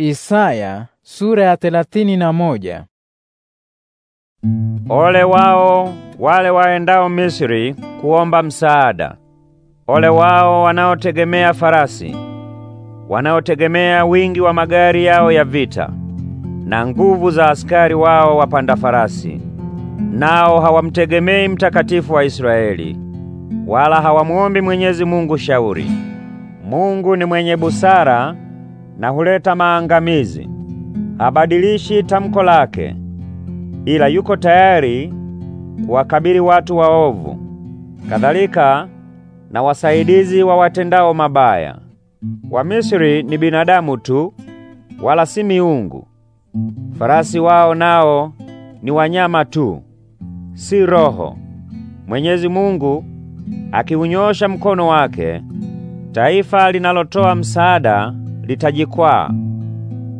Isaya sura ya thelathini na moja. Ole wao wale waendao Misri kuomba msaada. Ole wao wanaotegemea farasi, wanaotegemea wingi wa magari yao ya vita na nguvu za askari wao wapanda farasi. Nao hawamtegemei mtakatifu wa Israeli, wala hawamuombi Mwenyezi Mungu shauri. Mungu ni mwenye busara na huleta maangamizi. Habadilishi tamko lake, ila yuko tayari kuwakabili watu waovu, kadhalika na wasaidizi wa watendao mabaya. Wamisri ni binadamu tu, wala si miungu. Farasi wao nao ni wanyama tu, si roho. Mwenyezi Mungu akiunyosha mkono wake, taifa linalotoa msaada litajikwaa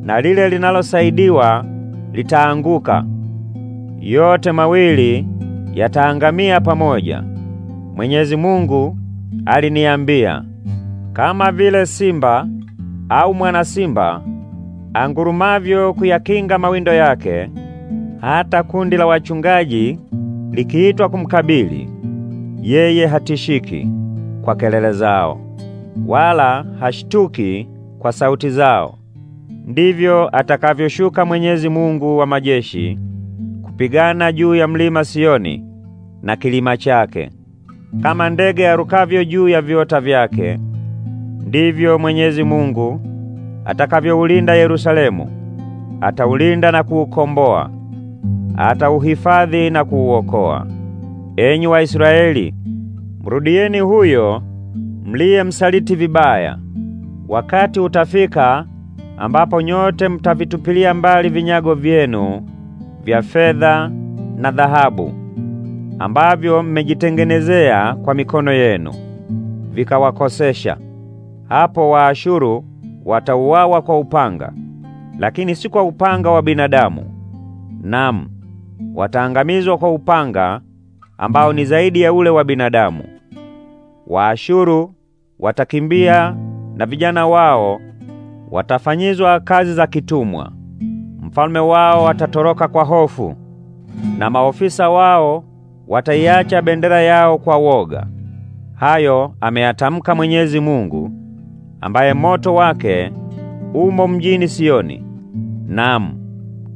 na lile linalosaidiwa litaanguka. Yote mawili yataangamia pamoja. Mwenyezi Mungu aliniambia, kama vile simba au mwana simba angurumavyo kuyakinga mawindo yake, hata kundi la wachungaji likiitwa kumkabili yeye, hatishiki kwa kelele zao, wala hashtuki kwa sauti zao, ndivyo atakavyoshuka Mwenyezi Mungu wa majeshi kupigana juu ya mlima Sioni na kilima chake. Kama ndege arukavyo juu ya viota vyake, ndivyo Mwenyezi Mungu atakavyoulinda Yerusalemu. Ataulinda na kuukomboa, atauhifadhi na kuuokoa. Enyi Waisraeli, mrudieni huyo msaliti vibaya. Wakati utafika ambapo nyote mtavitupilia mbali vinyago vyenu vya fedha na dhahabu ambavyo mmejitengenezea kwa mikono yenu, vikawakosesha. Hapo Waashuru watauawa kwa upanga, lakini si kwa upanga wa binadamu. Naam, wataangamizwa kwa upanga ambao ni zaidi ya ule wa binadamu. Waashuru watakimbia na vijana wao watafanyizwa kazi za kitumwa. Mfalme wao atatoroka kwa hofu, na maofisa wao wataiacha bendera yao kwa woga. Hayo ameyatamka Mwenyezi Mungu, ambaye moto wake umo mjini Sioni, naam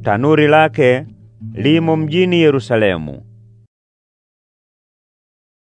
tanuri lake limo mjini Yerusalemu.